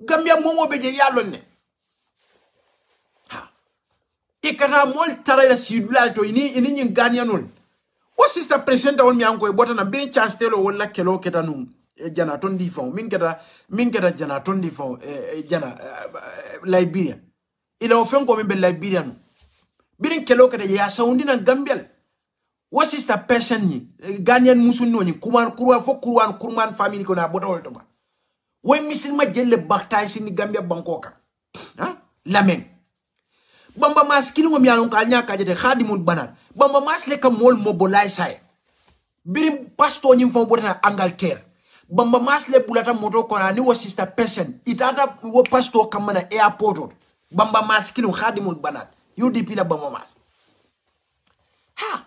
gambia momoɓe je yallon ne e kana mol tarayra sidulal to ini ini ñin ganiyanol o sista presidenta on mi an koye ɓotana biri chanstelo wala kelo ketanu e eh, jana ton di fon min keda min keda jana ton di fon e jana liberia ila o fon ko min be liberia no birin kelo keda ya sawndina gambial wo sista person ñi ganiyan musunnoñi kuman kurwa fo kurwan kurman famini ko na ɓotawol to ba misil ma jelle baktay sini gambia bankoka kan ha lamen bamba mas kilo mi yalon kal nyaka jete khadimul banan bamba mas le kam mol mobolay say birim pasto nyim fon bodena angalter bamba mas le bulata moto kona ni wo sister person itata wo pasto kamana airport bamba mas kilo khadimul banan udp la bamba mas ha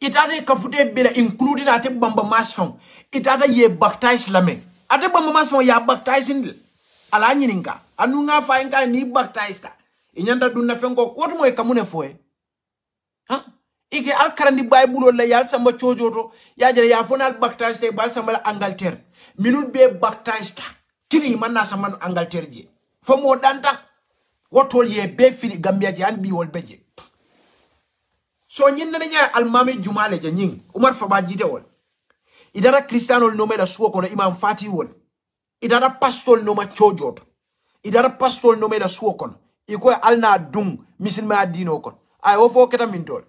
itata kafute bela including ate bamba mas fon itata ye baktay islamen ate ba mama fon ya baptize ndil ala nyininka anu nga fa nka ni baptize ta inyanda dunna fengo kotu moy ya, kamune foe ha ike al karandi bible la yal samba chojoto ya jere ya fona al baptize bal samba angalter minut be baptize ta kini manna samba angalter je fo mo danta wotol ye be fili gambia je an bi wol beje so nyin nanya al mame jumale je nying umar fa ba jite wol idara kristianol noma ila suwo kono imam fati wol idara pastol noma cojoto idara pastol noma ila suwo kono ikoye alna dun misilmaya dino kono ay wo fo keta min dole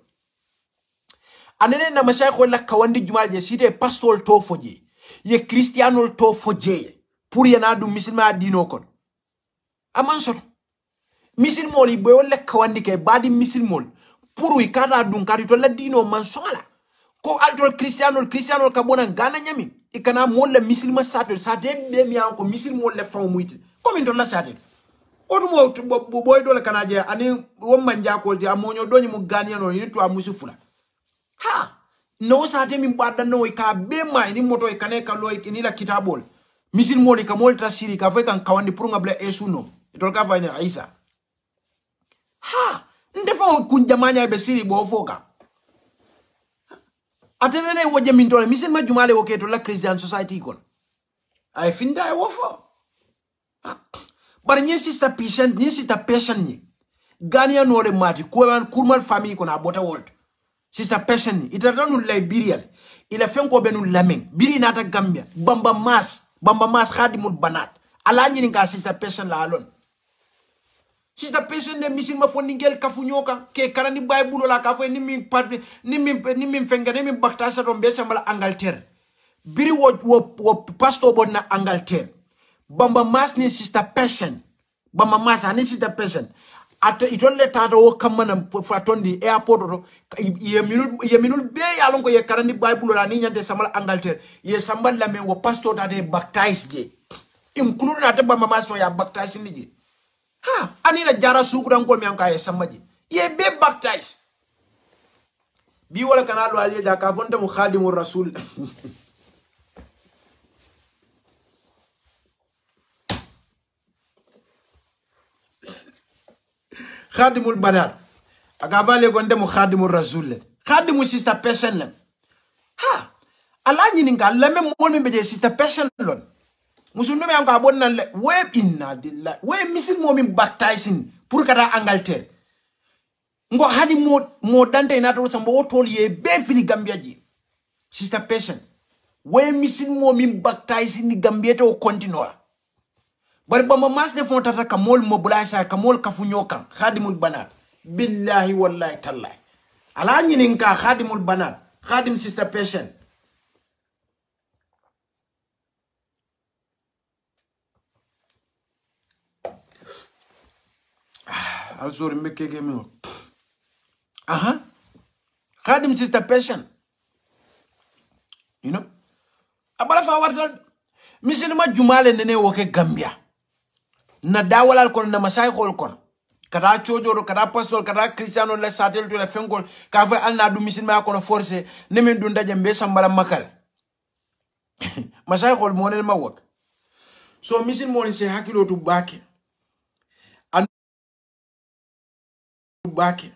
anene na la kawandi jumal je site pastol to foje ye kristianol to foje pour yana dum misilmaya dino kono aman soto misilmol i boyo la kawandi ke badi misilmol pour i kata dun kari la dino man songala ko altol christianol christianol ka bona gana nyami e kana mon le misilima saatol saate be mi an ko misilimoolu le fon faŋo muyitile commin tolla saatele wotumo boy do dole kana je ani wo ko di a moño doñi mu ganiyano no yitu a musi fula ha no mi saate no e ka be ma ni moto e kane ka loy ni la kitabol misil le ka molta siri ka fe kan kawandi pour ga bla esu no e tol ka fa ni aisa ha nde fa kun jamaña siri bo foka atenene wo jamintole mise majumale wo keto la christian society kono ay finda ay wofo ah, bar nye sista patient nye sista patient ni gania nore mati kuwan kurmal family kono abota world sista patient ni itata nu liberia ila fenko benu lamen biri nata gambia bamba mas bamba mas khadimul banat ala nyini ka sista patient la alon sista patient de misil ma fondi ngel kafu nyoka ke karani ni bay bulo la kafu ni min part ni min ni min fenga ni min bakta sa don be sambala angleterre biri wo wo, wo pastor bon na angleterre bamba mas ni sista patient bamba mas ani sista patient ata itolle tata wo kammana fa tondi airport to uh, yeminul yeminul be yalon ko ye karandi bible la ni nyande sambala angleterre ye sambal la men wo pastor tata baptize je include ata bamba mas ya baptize ni je ha anina jara sukuran ko mi an kaye sammaji ye be baptize bi wala kana do aliye da ka bonde mu khadimur rasul khadimul banat aga bale gonde mu khadimur rasul khadimu sister person ha ala nyininga ngal lemme mol mi be sister person lon musundume an ka a nan le we inna dillah we misil momin battay sin pour kata angleterre ngo hadi mo mo dante ina to sambo wotol ye be fili gambia ji sister patient we misil mo min battay sin gambia to continua bari bamba masde fon tata ka mol mo bulay sa ka mol kafuño kan khadimul banat billahi wallahi tallahi ala nyinin ka khadimul banat khadim sister patient make azori Uh-huh. aha khadim sister patient you know abala fa warta misini ma jumale nene woke gambia na dawalal kono na masayikhol kono kata cojoɗo kata pastol christiano la satel to la fenkol ka fo alna ɗum misinmaya kono forcé nemin ɗum daƴa sambara sambala Masai masayikhol monel ma wok so misin Mone se hakkilo to bake bake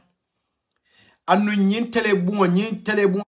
anu nyin tele bungo nyin tele bungo